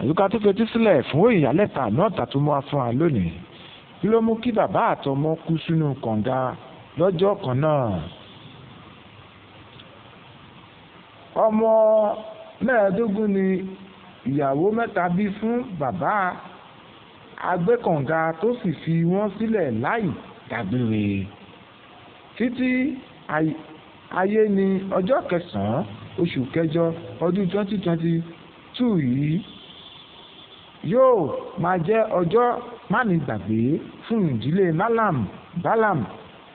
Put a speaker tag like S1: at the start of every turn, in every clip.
S1: àyíká tó fetí sílẹ̀ fún ìyálẹ́ta náà tó mú wá fún wa lónìí kí ló mú kí bàbá àtọmọ kú sínú kànga lọ́jọ́ kan náà. ọmọ mẹ́ẹ̀ẹ́dógún ni ìyàwó mẹ́ta bí fún bàbá agbẹ́kànga tó sì fi wọ́n sílẹ̀ láì dágbére títí ayé ni ọjọ́ kẹsàn-án oṣù kẹjọ ọdún twenty twenty two yìí yóò máa jẹ́ ọjọ́ mánigbàgbé fún ìdílé malam balam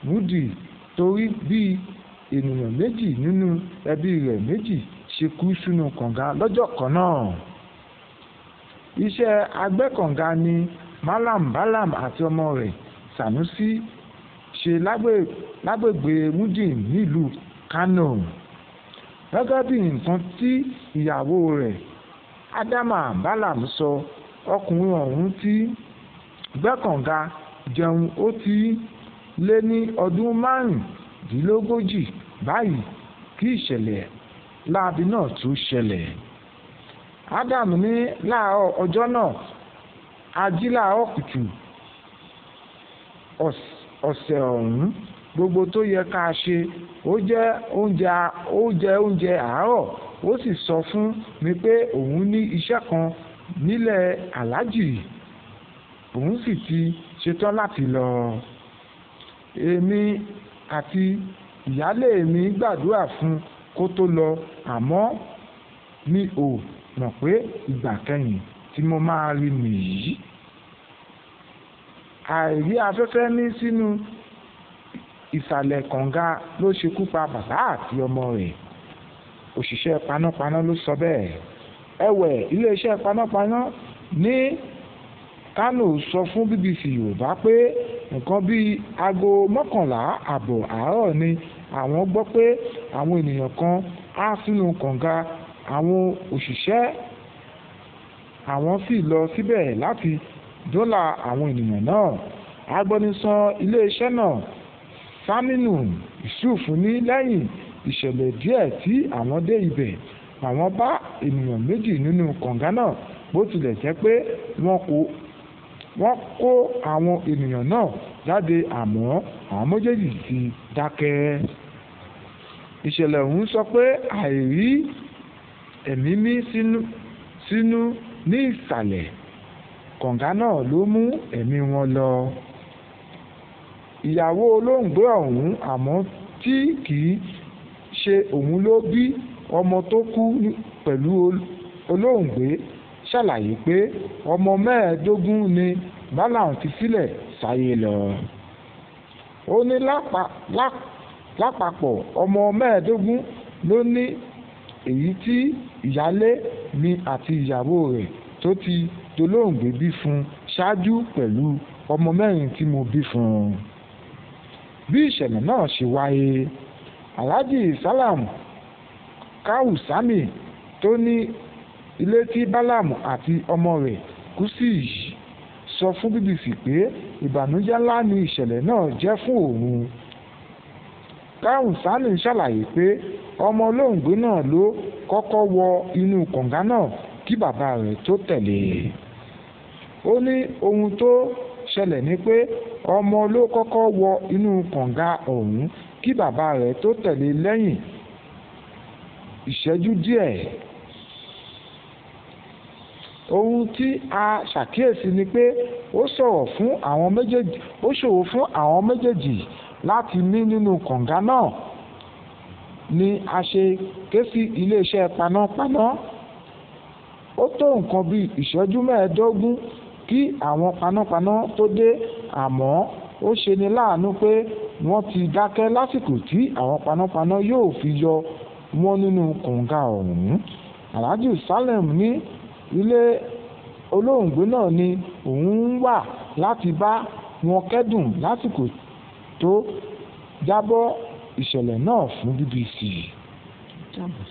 S1: mudi torí bí ènìyàn méjì nínú ẹbí rẹ̀ méjì ṣe kú sínú kànga lọ́jọ́ kan náà. iṣẹ́ agbẹ́kànga ni malam balam àti ọmọ rẹ̀ sanusi ṣe lágbègbè mudi nílùú kano gẹ́gẹ́ bí nǹkan tí ìyàwó rẹ̀ ádámà bálám sọ ọkùnrin ọ̀hún ti gbẹ́kànga jẹun ó ti lé ní ọdún márùndínlógójì báyìí kí ìṣẹ̀lẹ̀ láabi náà tún ṣẹlẹ̀ ádámù ní láàárọ̀ ọjọ́ náà ají láàárọ̀ ọ̀sẹ̀ ọ̀hún gbogbo tó yẹ ká ṣe ó jẹ oúnjẹ ó jẹ oúnjẹ àárọ̀ ó sì sọ fún mi pé òun ní iṣẹ́ kan nílẹ̀ aláàjì òun sì ti ṣetán láti lọ èmi àti ìyálé mi gbàdúrà fún kó tó lọ àmọ́ mi ò mọ̀ pé ìgbà kẹ́yìn tí mo máa rí nìyí àìrí afẹ́fẹ́ ní sínú ìsàlẹ̀ kànga ló ṣekú pa bàbá àti ọmọ rẹ̀ òṣìṣẹ́ panápaná ló sọ bẹ́ẹ̀ ẹ̀wẹ̀ iléeṣẹ́ panápaná ní Kánò sọ fún BBC Yorùbá pé nǹkan bíi aago mọ́kànlá àbọ̀ àárọ̀ ni àwọn gbọ́ pé àwọn ènìyàn kan há sínú kànga àwọn òṣìṣẹ́ àwọn sì lọ síbẹ̀ láti dólà àwọn ènìyàn náà agbẹnusọ iléeṣẹ́ náà saminu yusuf ní lẹ́yìn ìṣẹ̀lẹ̀ díẹ̀ tí àwọn dé ibẹ̀ àwọn bá ènìyàn méjì nínú kànga náà bó tilẹ̀ jẹ́ pé wọ́n kó wọ́n kó àwọn ènìyàn náà jáde àmọ́ àwọn méjèèjì ti dákẹ́. ìṣẹ̀lẹ̀ ọ̀hún sọ pé àìrí ẹ̀mí mí sínú ní ìsàlẹ̀ kànga náà ló mú ẹ̀mí wọn lọ ìyàwó olóògbé ọ̀hún àmọ́ tí kì í ṣe òun ló bí ọmọ tó kú pẹ̀lú olóògbé ṣàlàyé pé ọmọ mẹ́ẹ̀ẹ́dógún ni Balaam fi sílẹ̀ sáyé lọ. ó ní lápapọ̀ ọmọ mẹ́ẹ̀ẹ́dógún ló ní èyí tí ìyálé mi àti ìyàwó rẹ̀ tó ti dolóògbé bí fún ṣáájú pẹ̀lú ọmọ mẹ́rin tí mo bí fún un bí ìṣẹ̀lẹ̀ náà ṣe wáyé alhaji salam kawusami tó ní ilé tí balaam àti ọmọ rẹ̀ kú sí yìí sọ fún bbc pé ìbànújẹ́ ńlá ni ìṣẹ̀lẹ̀ náà jẹ́ fún òun kawusami ṣàlàyé pé ọmọ olóògbé náà ló kọ́kọ́ wọ inú kànga náà kí bàbá rẹ̀ tó tẹ̀lé e ó ní ohun tó ṣẹlẹ̀ ni pé ọmọ ló kọ́kọ́ wọ inú kànga ọ̀hún kí bàbá rẹ̀ tó tẹ̀lé lẹ́yìn ìṣẹ́jú díẹ̀ ohun tí a ṣàkíyèsí ni pé ó ṣòro fún àwọn méjèèjì ó ṣòro fún àwọn méjèèjì láti mí nínú kànga náà ni a ṣe ké sí iléeṣẹ́ panápaná ó tó nǹkan bíi ìṣẹ́jú mẹ́ẹ̀ẹ́dógún kí àwọn panápaná tó dé àmọ́ ó ṣe ni láàánú pé wọ́n ti dákẹ́ lásìkò tí àwọn panápaná yóò fi yọ wọ́n nínú kànga ọ̀hún alhaji salem ní ilé olóògbé náà ni òun ń wà láti bá wọn kẹ́dùn lásìkò tó jábọ̀ ìṣẹ̀lẹ̀ náà fún bbc. Jambos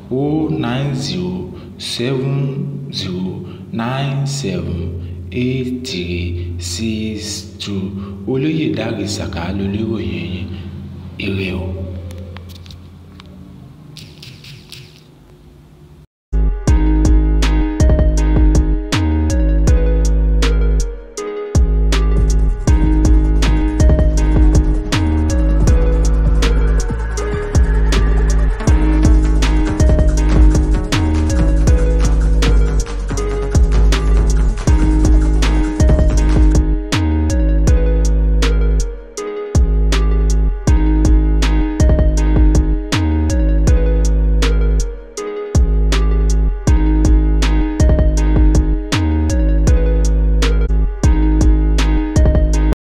S2: o nine zero seven zero nine seven eight three six two olóyèdárìn sàká lolóròyìn yín ire o